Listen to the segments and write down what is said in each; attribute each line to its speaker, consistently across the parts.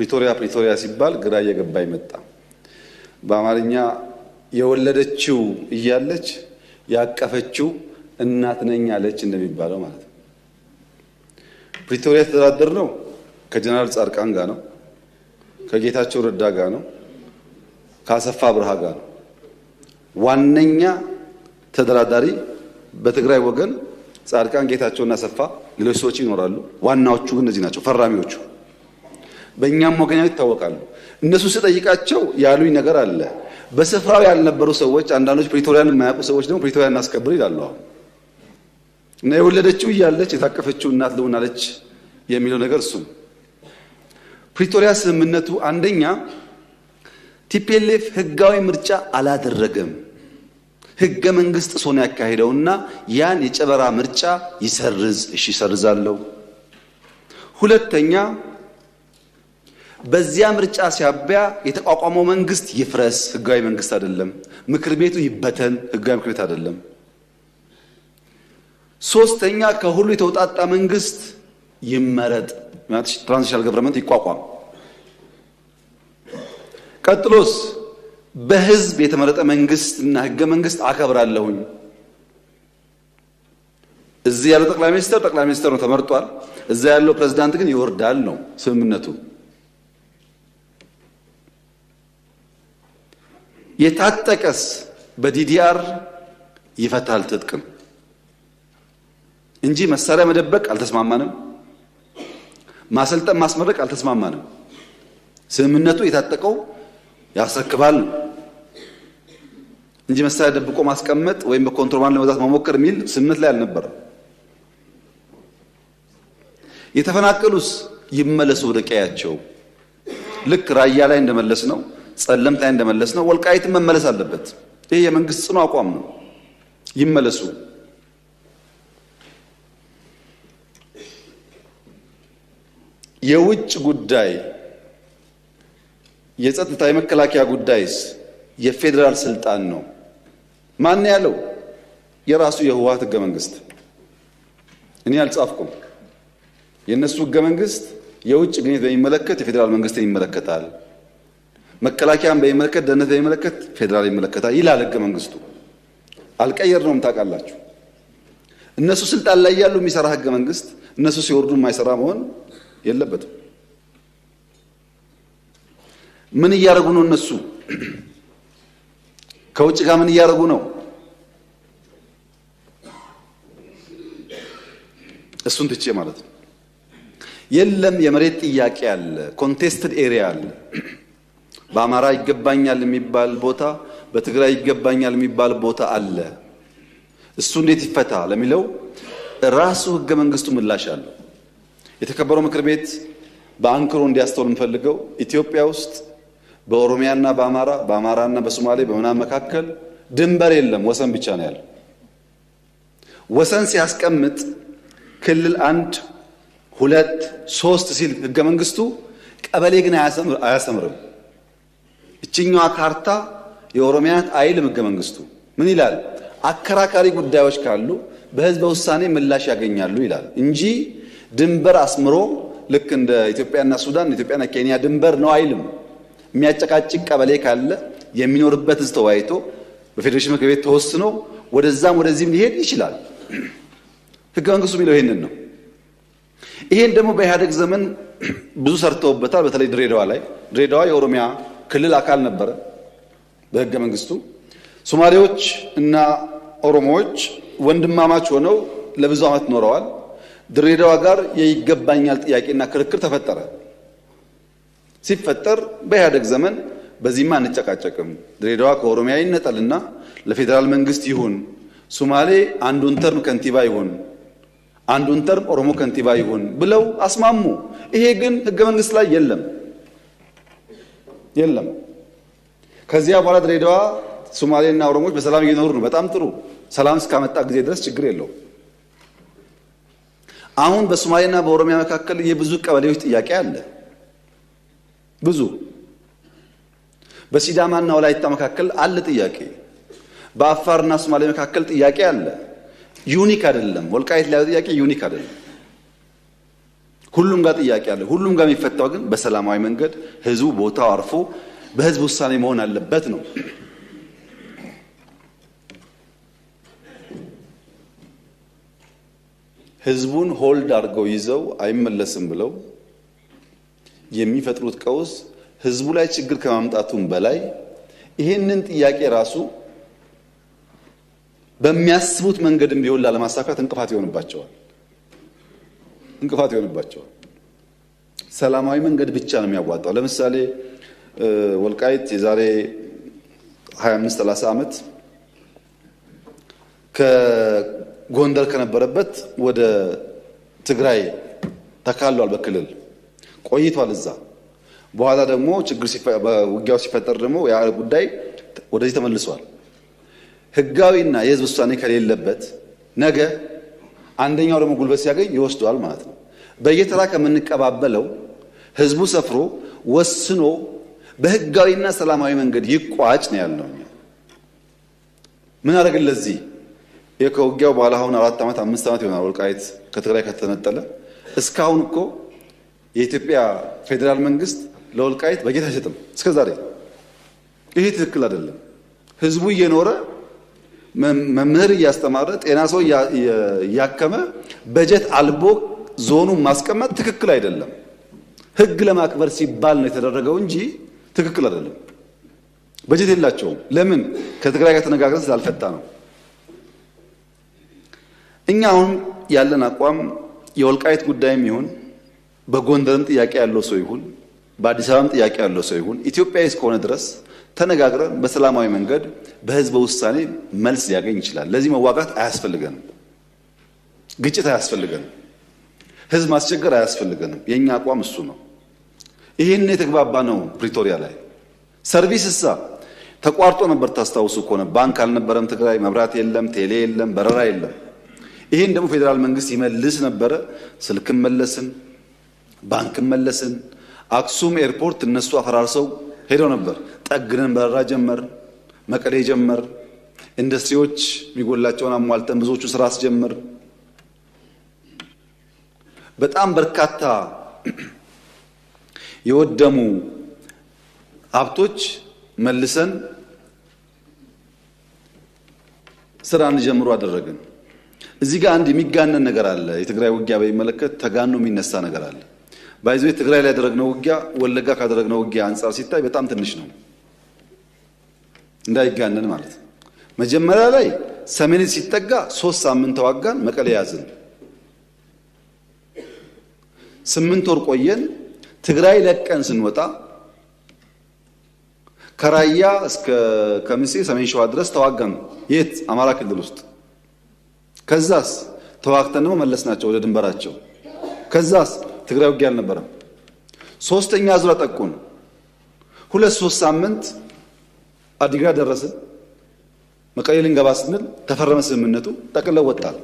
Speaker 1: ፕሪቶሪያ ፕሪቶሪያ ሲባል ግራ እየገባ ይመጣ። በአማርኛ የወለደችው እያለች ያቀፈችው እናት ነኝ አለች እንደሚባለው ማለት ነው። ፕሪቶሪያ የተደራደር ነው ከጀነራል ጻድቃን ጋር ነው፣ ከጌታቸው ረዳ ጋር ነው፣ ከአሰፋ ብርሃ ጋር ነው። ዋነኛ ተደራዳሪ በትግራይ ወገን ጻድቃን፣ ጌታቸውና አሰፋ፣ ሌሎች ሰዎች ይኖራሉ። ዋናዎቹ ግን እነዚህ ናቸው ፈራሚዎቹ። በእኛም ወገኛው ይታወቃሉ። እነሱ ስጠይቃቸው ያሉኝ ነገር አለ። በስፍራው ያልነበሩ ሰዎች፣ አንዳንዶች ፕሪቶሪያን የማያውቁ ሰዎች ደግሞ ፕሪቶሪያ እናስከብር ይላሉ። አሁን እና የወለደችው እያለች የታቀፈችው እናት ልሆናለች የሚለው ነገር እሱም ፕሪቶሪያ ስምምነቱ አንደኛ ቲፒኤልኤፍ ህጋዊ ምርጫ አላደረገም። ህገ መንግስት ጥሶ ነው እና ያን የጨበራ ምርጫ ይሰርዝ። እሺ ይሰርዛለሁ። ሁለተኛ በዚያ ምርጫ ሲያበያ የተቋቋመው መንግስት ይፍረስ፣ ህጋዊ መንግስት አይደለም። ምክር ቤቱ ይበተን፣ ህጋዊ ምክር ቤት አይደለም። ሶስተኛ ከሁሉ የተውጣጣ መንግስት ይመረጥ፣ ትራንዚሽናል ገቨርንመንት ይቋቋም። ቀጥሎስ በህዝብ የተመረጠ መንግስት እና ህገ መንግስት አከብራለሁኝ። እዚህ ያለው ጠቅላይ ሚኒስትር ጠቅላይ ሚኒስትር ነው፣ ተመርጧል። እዛ ያለው ፕሬዝዳንት ግን ይወርዳል ነው ስምምነቱ። የታጠቀስ በዲዲአር ይፈታል ትጥቅም እንጂ መሳሪያ መደበቅ አልተስማማንም። ማሰልጠን ማስመረቅ አልተስማማንም። ስምምነቱ የታጠቀው ያስረክባል እንጂ መሳሪያ ደብቆ ማስቀመጥ ወይም በኮንትሮባንድ ለመግዛት መሞከር የሚል ስምምነት ላይ አልነበረም። የተፈናቀሉስ ይመለሱ ወደ ቀያቸው ልክ ራያ ላይ እንደመለስ ነው። ጸለምት ላይ እንደመለስ ነው። ወልቃይትን መመለስ አለበት። ይህ የመንግስት ጽኑ አቋም ነው። ይመለሱ። የውጭ ጉዳይ የጸጥታ የመከላከያ ጉዳይስ የፌዴራል ስልጣን ነው። ማን ያለው? የራሱ የህወሓት ህገ መንግስት። እኔ አልጻፍኩም። የእነሱ ህገ መንግስት የውጭ ግንኙነት በሚመለከት የፌዴራል መንግስትን ይመለከታል። መከላከያን በሚመለከት ደህንነት በሚመለከት ፌዴራል ይመለከታል ይላል ህገ መንግስቱ። አልቀየር ነውም ታውቃላችሁ። እነሱ ስልጣን ላይ ያሉ የሚሰራ ህገ መንግስት እነሱ ሲወርዱ የማይሰራ መሆን የለበትም። ምን እያደረጉ ነው? እነሱ ከውጭ ጋር ምን እያደረጉ ነው? እሱን ትቼ ማለት ነው። የለም የመሬት ጥያቄ አለ፣ ኮንቴስትድ ኤሪያ አለ በአማራ ይገባኛል የሚባል ቦታ፣ በትግራይ ይገባኛል የሚባል ቦታ አለ። እሱ እንዴት ይፈታ ለሚለው ራሱ ህገ መንግስቱ ምላሽ አለው። የተከበረው ምክር ቤት በአንክሮ እንዲያስተውል የምፈልገው ኢትዮጵያ ውስጥ በኦሮሚያና በአማራ በአማራና በሶማሌ በምናምን መካከል ድንበር የለም፣ ወሰን ብቻ ነው ያለው። ወሰን ሲያስቀምጥ ክልል አንድ ሁለት ሶስት ሲል ህገ መንግስቱ ቀበሌ ግን አያሰምርም። እችኛዋ ካርታ የኦሮሚያ አይል አይልም ህገ መንግስቱ። ምን ይላል? አከራካሪ ጉዳዮች ካሉ በህዝበ ውሳኔ ምላሽ ያገኛሉ ይላል እንጂ ድንበር አስምሮ ልክ እንደ ኢትዮጵያና ሱዳን ኢትዮጵያና ኬንያ ድንበር ነው አይልም። የሚያጨቃጭቅ ቀበሌ ካለ የሚኖርበት ህዝብ ተወያይቶ በፌዴሬሽን ምክር ቤት ተወስኖ ወደዛም ወደዚህም ሊሄድ ይችላል። ህገ መንግስቱ የሚለው ይሄንን ነው። ይሄን ደግሞ በኢህአደግ ዘመን ብዙ ሰርተውበታል። በተለይ ድሬዳዋ ላይ ድሬዳዋ የኦሮሚያ ክልል አካል ነበረ በህገ መንግስቱ። ሶማሌዎች እና ኦሮሞዎች ወንድማማች ሆነው ለብዙ ዓመት ኖረዋል። ድሬዳዋ ጋር የይገባኛል ጥያቄና ክርክር ተፈጠረ። ሲፈጠር በኢህአደግ ዘመን በዚህማ አንጨቃጨቅም፣ ድሬዳዋ ከኦሮሚያ ይነጠልና ለፌዴራል መንግስት ይሁን፣ ሶማሌ አንዱን ተርም ከንቲባ ይሁን፣ አንዱን ተርም ኦሮሞ ከንቲባ ይሁን ብለው አስማሙ። ይሄ ግን ህገ መንግስት ላይ የለም። የለም። ከዚያ በኋላ ድሬዳዋ ሶማሌና ኦሮሞዎች በሰላም እየኖሩ ነው። በጣም ጥሩ። ሰላም እስካመጣ ጊዜ ድረስ ችግር የለው። አሁን በሶማሌና በኦሮሚያ መካከል የብዙ ቀበሌዎች ጥያቄ አለ። ብዙ በሲዳማና ወላይታ መካከል አለ ጥያቄ። በአፋርና ሶማሌ መካከል ጥያቄ አለ። ዩኒክ አይደለም። ወልቃይት ላይ ጥያቄ ዩኒክ አይደለም። ሁሉም ጋር ጥያቄ አለ። ሁሉም ጋር የሚፈታው ግን በሰላማዊ መንገድ ህዝቡ ቦታው አርፎ በህዝብ ውሳኔ መሆን አለበት ነው። ህዝቡን ሆልድ አድርገው ይዘው አይመለስም ብለው የሚፈጥሩት ቀውስ ህዝቡ ላይ ችግር ከማምጣቱም በላይ ይህንን ጥያቄ ራሱ በሚያስቡት መንገድም ቢሆን ላለማሳካት እንቅፋት ይሆንባቸዋል። እንቅፋት ይሆንባቸዋል። ሰላማዊ መንገድ ብቻ ነው የሚያዋጣው። ለምሳሌ ወልቃይት የዛሬ 25 30 ዓመት ከጎንደር ከነበረበት ወደ ትግራይ ተካሏል። በክልል ቆይቷል እዛ። በኋላ ደግሞ ችግር ውጊያው ሲፈጠር ደግሞ ያ ጉዳይ ወደዚህ ተመልሷል። ህጋዊና የህዝብ ውሳኔ ከሌለበት ነገ አንደኛው ደግሞ ጉልበት ሲያገኝ ይወስዷል ማለት ነው። በየተራ ከምንቀባበለው ህዝቡ ሰፍሮ ወስኖ በህጋዊና ሰላማዊ መንገድ ይቋጭ ነው ያለው። ምን አደረግን ለዚህ ከውጊያው በኋላ አሁን አራት ዓመት አምስት ዓመት ይሆናል ወልቃይት ከትግራይ ከተነጠለ። እስካሁን እኮ የኢትዮጵያ ፌዴራል መንግስት ለወልቃይት በጀት አይሰጥም እስከዛሬ። ይሄ ትክክል አይደለም። ህዝቡ እየኖረ መምህር እያስተማረ ጤና ሰው እያከመ በጀት አልቦ ዞኑን ማስቀመጥ ትክክል አይደለም። ህግ ለማክበር ሲባል ነው የተደረገው እንጂ ትክክል አይደለም። በጀት የላቸውም። ለምን? ከትግራይ ጋር ተነጋግረን ስላልፈታ ነው። እኛ አሁን ያለን አቋም የወልቃይት ጉዳይም ይሁን በጎንደርም ጥያቄ ያለው ሰው ይሁን በአዲስ አበባም ጥያቄ ያለው ሰው ይሁን ኢትዮጵያዊ እስከሆነ ድረስ ተነጋግረን በሰላማዊ መንገድ በህዝበ ውሳኔ መልስ ሊያገኝ ይችላል። ለዚህ መዋጋት አያስፈልገንም፣ ግጭት አያስፈልገንም፣ ህዝብ ማስቸገር አያስፈልገንም። የእኛ አቋም እሱ ነው። ይህን የተግባባ ነው። ፕሪቶሪያ ላይ ሰርቪስ እሳ ተቋርጦ ነበር። ታስታውሱ ከሆነ ባንክ አልነበረም ትግራይ፣ መብራት የለም፣ ቴሌ የለም፣ በረራ የለም። ይህን ደግሞ ፌዴራል መንግስት ይመልስ ነበረ። ስልክም መለስን፣ ባንክም መለስን። አክሱም ኤርፖርት እነሱ አፈራርሰው ሄደው ነበር። ጠግነን በረራ ጀመር፣ መቀሌ ጀመር፣ ኢንዱስትሪዎች የሚጎላቸውን አሟልተን ብዙዎቹ ስራ አስጀምር። በጣም በርካታ የወደሙ ሀብቶች መልሰን ስራ እንጀምሩ አደረግን። እዚህ ጋር አንድ የሚጋነን ነገር አለ። የትግራይ ውጊያ በሚመለከት ተጋኖ የሚነሳ ነገር አለ። ባይዞ ትግራይ ላይ ያደረግነው ውጊያ ወለጋ ካደረግነው ውጊያ አንጻር ሲታይ በጣም ትንሽ ነው፣ እንዳይጋነን ማለት ነው። መጀመሪያ ላይ ሰሜን ሲጠጋ ሶስት ሳምንት ተዋጋን፣ መቀሌ ያዝን። ስምንት ወር ቆየን። ትግራይ ለቀን ስንወጣ ከራያ እስከ ከምሴ ሰሜን ሸዋ ድረስ ተዋጋን። የት አማራ ክልል ውስጥ። ከዛስ ተዋግተን ደግሞ መለስናቸው ወደ ድንበራቸው። ከዛስ ትግራይ ውጊያ አልነበረም። ሶስተኛ ዙር ጠቁን። ሁለት ሶስት ሳምንት አዲግራ ደረስን። መቀሌ ልንገባ ስንል ተፈረመ ስምምነቱ፣ ጠቅለው ወጣል።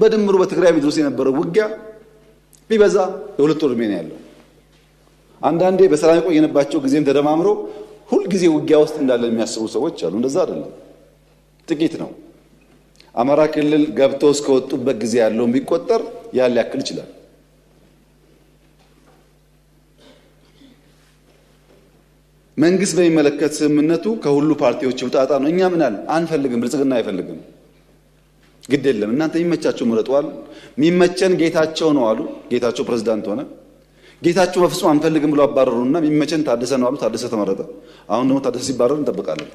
Speaker 1: በድምሩ በትግራይ ምድር ውስጥ የነበረው ውጊያ ቢበዛ የሁለት ወር ዕድሜ ነው ያለው። አንዳንዴ በሰላም የቆየንባቸው ጊዜም ተደማምሮ ሁልጊዜ ውጊያ ውስጥ እንዳለ የሚያስቡ ሰዎች አሉ። እንደዛ አይደለም፣ ጥቂት ነው። አማራ ክልል ገብቶ እስከወጡበት ጊዜ ያለውን ቢቆጠር ያን ሊያክል ይችላል። መንግስት በሚመለከት ስምምነቱ ከሁሉ ፓርቲዎች ውጣጣ ነው። እኛ ምናል አንፈልግም፣ ብልጽግና አይፈልግም። ግድ የለም እናንተ የሚመቻቸው ምረጧል። የሚመቸን ጌታቸው ነው አሉ። ጌታቸው ፕሬዝዳንት ሆነ። ጌታቸው በፍጹም አንፈልግም ብሎ አባረሩና የሚመቸን ታደሰ ነው አሉ። ታደሰ ተመረጠ። አሁን ደግሞ ታደሰ ሲባረር እንጠብቃለን።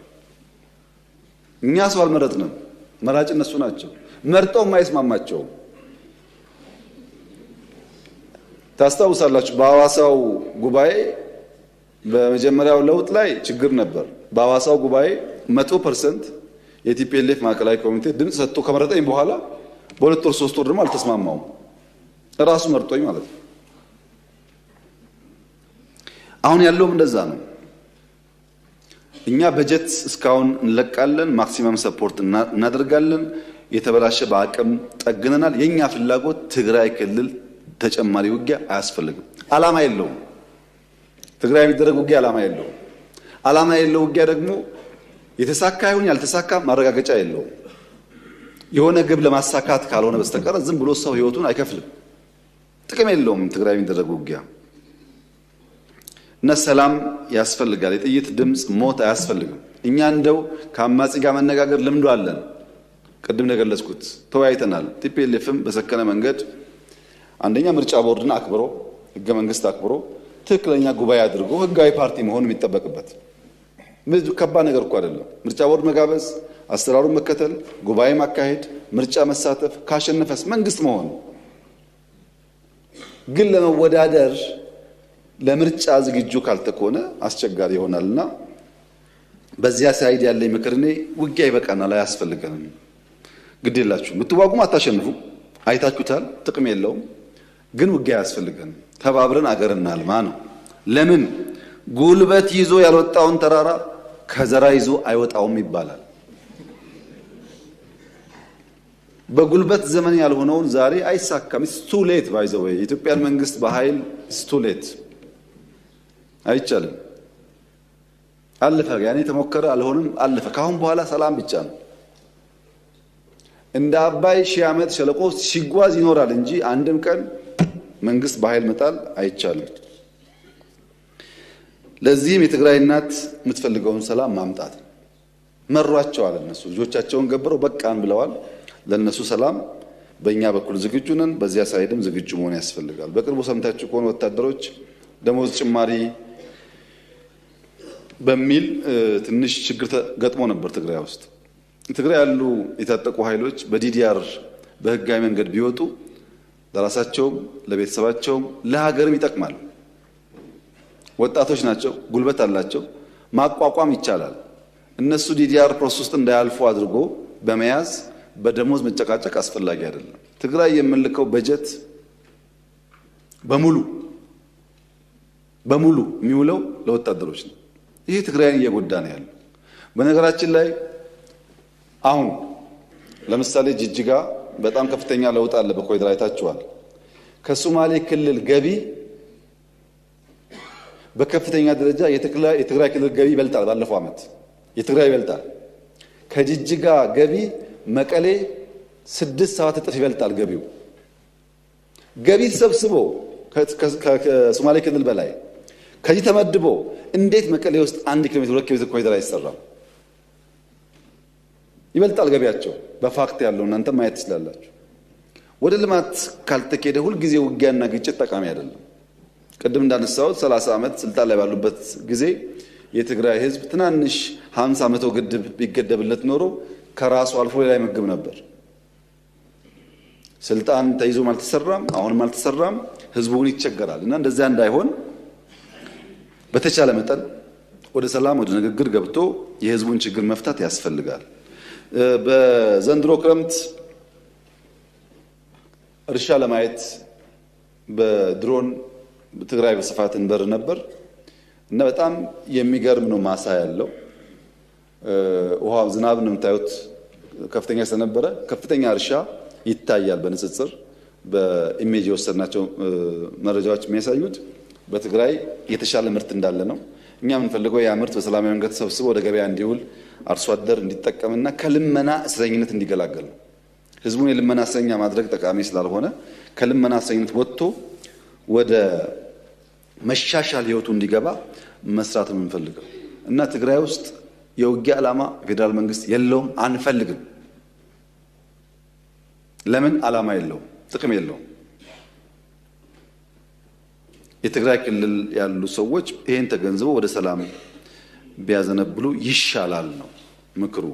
Speaker 1: እኛ ሰው አልመረጥንም፣ መራጭ እነሱ ናቸው። መርጠው የማይስማማቸውም ታስታውሳላችሁ። በሐዋሳው ጉባኤ በመጀመሪያው ለውጥ ላይ ችግር ነበር። በሐዋሳው ጉባኤ መቶ ፐርሰንት የቲፒኤልኤፍ ማዕከላዊ ኮሚቴ ድምፅ ሰጥቶ ከመረጠኝ በኋላ በሁለት ወር ሶስት ወር ደግሞ አልተስማማውም። እራሱ መርጦኝ ማለት ነው። አሁን ያለውም እንደዛ ነው። እኛ በጀት እስካሁን እንለቃለን፣ ማክሲመም ሰፖርት እናደርጋለን። የተበላሸ በአቅም ጠግነናል። የእኛ ፍላጎት ትግራይ ክልል ተጨማሪ ውጊያ አያስፈልግም። አላማ የለውም። ትግራይ የሚደረግ ውጊያ ዓላማ የለው። ዓላማ የለው ውጊያ ደግሞ የተሳካ ይሁን ያልተሳካ ማረጋገጫ የለው የሆነ ግብ ለማሳካት ካልሆነ በስተቀር ዝም ብሎ ሰው ህይወቱን አይከፍልም። ጥቅም የለውም ትግራይ የሚደረግ ውጊያ እና ሰላም ያስፈልጋል። የጥይት ድምፅ ሞት አያስፈልግም። እኛ እንደው ከአማጺ ጋር መነጋገር ልምዶ አለን። ቅድም እንደገለጽኩት ተወያይተናል። ቲፒኤልኤፍም በሰከነ መንገድ አንደኛ ምርጫ ቦርድን አክብሮ ህገ መንግስት አክብሮ ትክክለኛ ጉባኤ አድርጎ ህጋዊ ፓርቲ መሆን የሚጠበቅበት ከባድ ነገር እኮ አይደለም። ምርጫ ቦርድ መጋበዝ፣ አሰራሩን መከተል፣ ጉባኤ ማካሄድ፣ ምርጫ መሳተፍ፣ ካሸነፈስ መንግስት መሆን። ግን ለመወዳደር ለምርጫ ዝግጁ ካልተኮነ አስቸጋሪ ይሆናልና በዚያ ሳይድ ያለኝ ምክር እኔ ውጊያ ይበቃናል፣ አያስፈልገንም። ግድ የላችሁ፣ ምትዋጉም አታሸንፉም። አይታችሁታል፣ ጥቅም የለውም። ግን ውጊያ አያስፈልገንም። ተባብረን አገር እናልማ ነው። ለምን ጉልበት ይዞ ያልወጣውን ተራራ ከዘራ ይዞ አይወጣውም ይባላል። በጉልበት ዘመን ያልሆነውን ዛሬ አይሳካም። ዘ ባይዘወ የኢትዮጵያን መንግስት በኃይል ሌት አይቻልም። አለፈ። ያኔ ተሞከረ፣ አልሆንም፣ አለፈ። ካሁን በኋላ ሰላም ብቻ ነው። እንደ አባይ ሺህ ዓመት ሸለቆ ሲጓዝ ይኖራል እንጂ አንድም ቀን መንግስት በኃይል መጣል አይቻልም። ለዚህም የትግራይ እናት የምትፈልገውን ሰላም ማምጣት መሯቸዋል። እነሱ ልጆቻቸውን ገብረው በቃን ብለዋል። ለእነሱ ሰላም በእኛ በኩል ዝግጁ ነን፣ በዚያ ሳይድም ዝግጁ መሆን ያስፈልጋል። በቅርቡ ሰምታችሁ ከሆነ ወታደሮች ደሞዝ ጭማሪ በሚል ትንሽ ችግር ገጥሞ ነበር ትግራይ ውስጥ። ትግራይ ያሉ የታጠቁ ኃይሎች በዲዲአር በህጋዊ መንገድ ቢወጡ ለራሳቸውም ለቤተሰባቸውም ለሀገርም ይጠቅማል። ወጣቶች ናቸው፣ ጉልበት አላቸው፣ ማቋቋም ይቻላል። እነሱ ዲዲአር ፕሮሰስ ውስጥ እንዳያልፉ አድርጎ በመያዝ በደሞዝ መጨቃጨቅ አስፈላጊ አይደለም። ትግራይ የምንልከው በጀት በሙሉ በሙሉ የሚውለው ለወታደሮች ነው። ይህ ትግራይን እየጎዳ ነው ያለው። በነገራችን ላይ አሁን ለምሳሌ ጅጅጋ በጣም ከፍተኛ ለውጥ አለ። በኮሪደር አይታችኋል። ከሶማሌ ክልል ገቢ በከፍተኛ ደረጃ የትግራይ ክልል ገቢ ይበልጣል። ባለፈው ዓመት የትግራይ ይበልጣል። ከጅጅጋ ገቢ መቀሌ ስድስት ሰዓት እጥፍ ይበልጣል ገቢው ገቢ ተሰብስቦ ከሶማሌ ክልል በላይ ከዚህ ተመድቦ እንዴት መቀሌ ውስጥ አንድ ኪሎ ሜትር ሁለት ኪሎ ሜትር ኮሪደር አይሰራም? ይበልጣል ገቢያቸው። በፋክት ያለው እናንተ ማየት ትችላላችሁ። ወደ ልማት ካልተኬደ ሁልጊዜ ውጊያና ግጭት ጠቃሚ አይደለም። ቅድም እንዳነሳሁት 30 ዓመት ስልጣን ላይ ባሉበት ጊዜ የትግራይ ህዝብ ትናንሽ 50 መቶ ግድብ ቢገደብለት ኖሮ ከራሱ አልፎ ሌላ ይመግብ ነበር። ስልጣን ተይዞም አልተሰራም፣ አሁንም አልተሰራም። ህዝቡን ይቸገራል እና እንደዚያ እንዳይሆን በተቻለ መጠን ወደ ሰላም ወደ ንግግር ገብቶ የህዝቡን ችግር መፍታት ያስፈልጋል። በዘንድሮ ክረምት እርሻ ለማየት በድሮን ትግራይ በስፋት እንበር ነበር እና በጣም የሚገርም ነው። ማሳ ያለው ውሃ ዝናብ ነው የምታዩት ከፍተኛ ስለነበረ ከፍተኛ እርሻ ይታያል። በንጽጽር በኢሜጅ የወሰድናቸው መረጃዎች የሚያሳዩት በትግራይ የተሻለ ምርት እንዳለ ነው። እኛ የምንፈልገው ያ ምርት በሰላማዊ መንገድ ተሰብስቦ ወደ ገበያ እንዲውል አርሶ አደር እንዲጠቀምና ከልመና እስረኝነት እንዲገላገል ነው። ህዝቡን የልመና እስረኛ ማድረግ ጠቃሚ ስላልሆነ ከልመና እስረኝነት ወጥቶ ወደ መሻሻል ህይወቱ እንዲገባ መስራት የምንፈልገው እና ትግራይ ውስጥ የውጊያ ዓላማ የፌዴራል መንግስት የለውም፣ አንፈልግም። ለምን? ዓላማ የለውም፣ ጥቅም የለውም። የትግራይ ክልል ያሉ ሰዎች ይህን ተገንዝበው ወደ ሰላም ቢያዘነብሉ ይሻላል ነው ምክሩ።